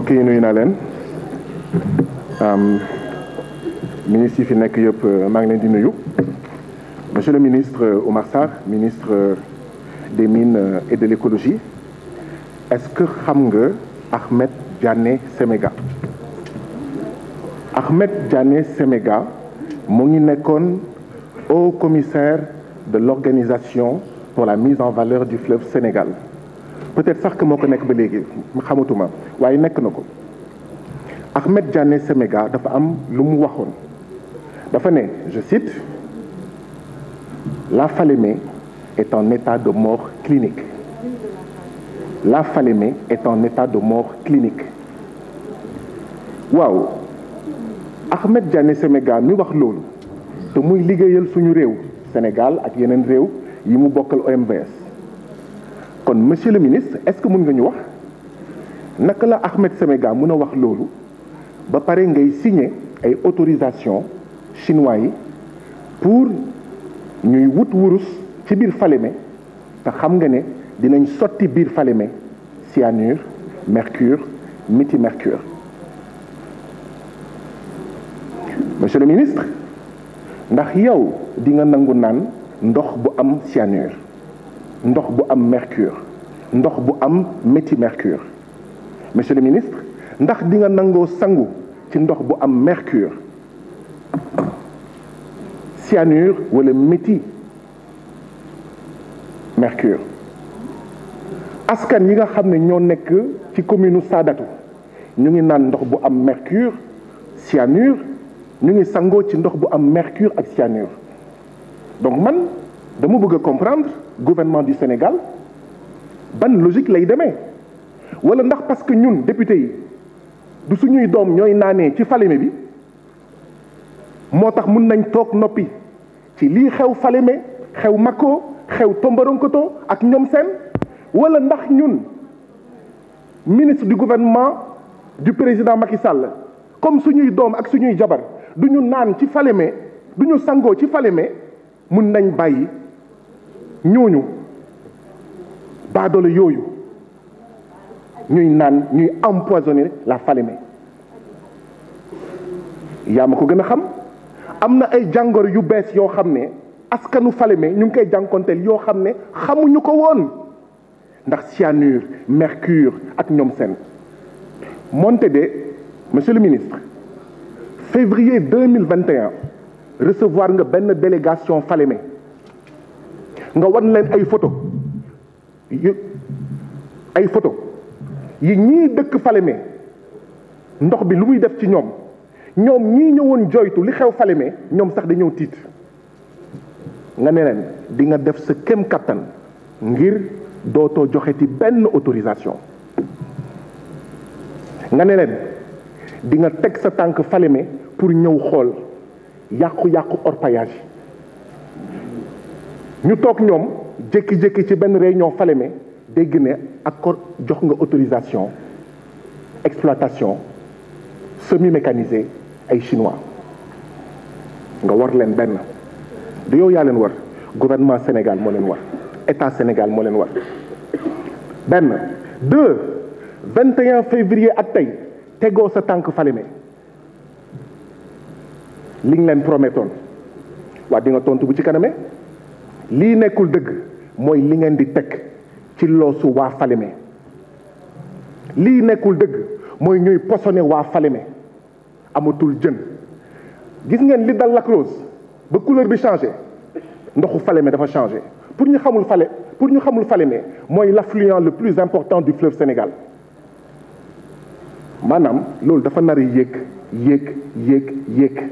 mbokk yi nuyu ministre euh, monsieur le ministre euh, Oumar Sarr ministre euh, des mines et de l'écologie est-ce que xam nga Ahmed Djane Seméga Ahmed Djane Seméga mon ngi haut commissaire de l'organisation pour la mise en valeur du fleuve Sénégal peut-être que moo ko ba xamatuma Ahmed Diané Semega, dafa am je cite la Falemé est en état de mort clinique la Falemé est en état de mort clinique Wow. Ahmed Diané Semega, nous wax loolu te muy ligéyal suñu réew Sénégal ak yeneen réew yi mu bokkal monsieur le ministre est-ce que mën nga ñu wax naka la Ahmed Semega mëna wax lolu ba ngay signer ay autorisation chinois pour ñuy wut wurus ci bir Falémé ta xam nga né dinañ Falémé cyanure mercure méthylmercure monsieur le ministre ndax yow di nga nangu am cyanure ndox am mercure ndox bu am mercure monsieur le ministre ndax di nga nangoo sangu ci ndox bu am mercure cyanure wala mercure askan yi nga xam ne ñoo nekk ci commune sadatu ñu ngi naan ndox bu am mercure cyanure ñu ngi sangoo ci ndox bu am mercure ak cyanure donc man dama bëgg comprendre gouvernement du Sénégal ban logique lay députés, wala ndax parce que ñun député yi du suñuy doom ñoy nous ci Falémé bi motax mën nañ ci xew Falémé xew xew ak wala ndax ñun ministre du gouvernement du président Macky Sall comme suñuy doom ak suñuy jabar sommes nan ci Falémé ci Falémé nañ Badole le ñuy Nous ñuy empoisonner la Falémé yaa ko gën a xam que ay jangor yu askanu Falémé dit que nous avons dit xamuñu cyanure mercure ak nous monsieur le ministre février 2021 recevoir une belle délégation Falémé ay photo yi ñii dëkk Falémé ndox bi lu muy def ci ñoom ñoom ñii ñëwoon joytu li xew Falémé ñoom sax da ñëw tiit nga ne leen dinga def sa kem kàttan ngir dootoo joxeti benn autorisation nga ne leen di nga teg sa tànk Falémé pour ñëw xool yàqu-yàqu orpaillage ñu toog ñoom j'ai ci réunion Falémé dégg accord jox nga autorisation exploitation semi mécanisée ay chinois nga war leen ben du yow gouvernement Sénégal mo Sénégal mo 2 war deux février ak tey Faleme. sa tank Falémé liñ wa di nga mooy li ngeen di teg ci loosu waa Falémé lii nekkul dëgg mooy ñuy posone waa Falémé amatul jën gis ngeen li dal Lac Rose ba couleur bi changé ndoxu Falémé dafa changé pour ñu xamul Falé pour ñu xamul Falémé mooy l'affluent le plus important du fleuve Sénégal maanaam loolu dafa nar a yéeg yéeg yéeg yéeg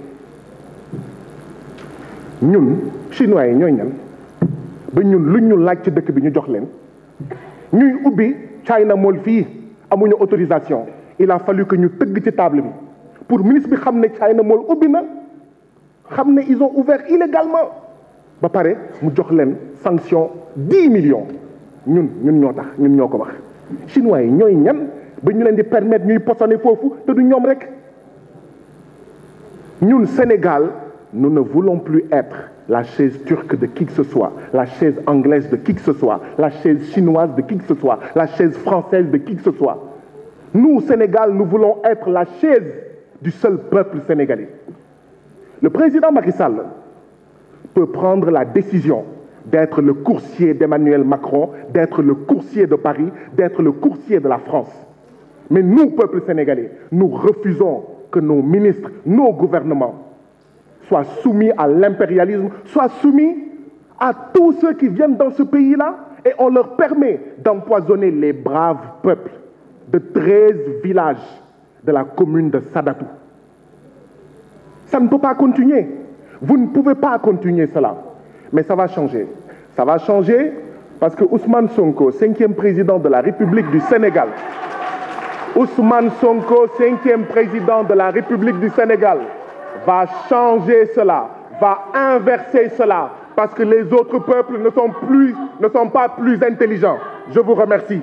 ñun chinois yi ñooy ñan ba ñun luñ ñu laaj ci dëkk bi ñu jox ñuy China autorisation il a fallu que nous tëgg la table pour ministre bi ils ont ouvert illégalement ba pare mu jox sanction 10 millions ñun ñun ñoo tax ñun chinois yi ñooy ba ñu Nous di permettre ñuy du Sénégal nous ne voulons plus être la chaise turque de qui que ce soit, la chaise anglaise de qui que ce soit, la chaise chinoise de qui que ce soit, la chaise française de qui que ce soit. Nous, au Sénégal, nous voulons être la chaise du seul peuple sénégalais. Le président Macky peut prendre la décision d'être le coursier d'Emmanuel Macron, d'être le coursier de Paris, d'être le coursier de la France. Mais nous, peuple sénégalais, nous refusons que nos ministres, nos gouvernements soit soumis à l'impérialisme, soit soumis à tous ceux qui viennent dans ce pays-là, et on leur permet d'empoisonner les braves peuples de 13 villages de la commune de Sadatou. Ça ne peut pas continuer. Vous ne pouvez pas continuer cela. Mais ça va changer. Ça va changer parce que Ousmane Sonko, cinquième président de la République du Sénégal, Ousmane Sonko, cinquième président de la République du Sénégal, va changer cela, va inverser cela, parce que les autres peuples ne sont, plus, ne sont pas plus intelligents. Je vous remercie.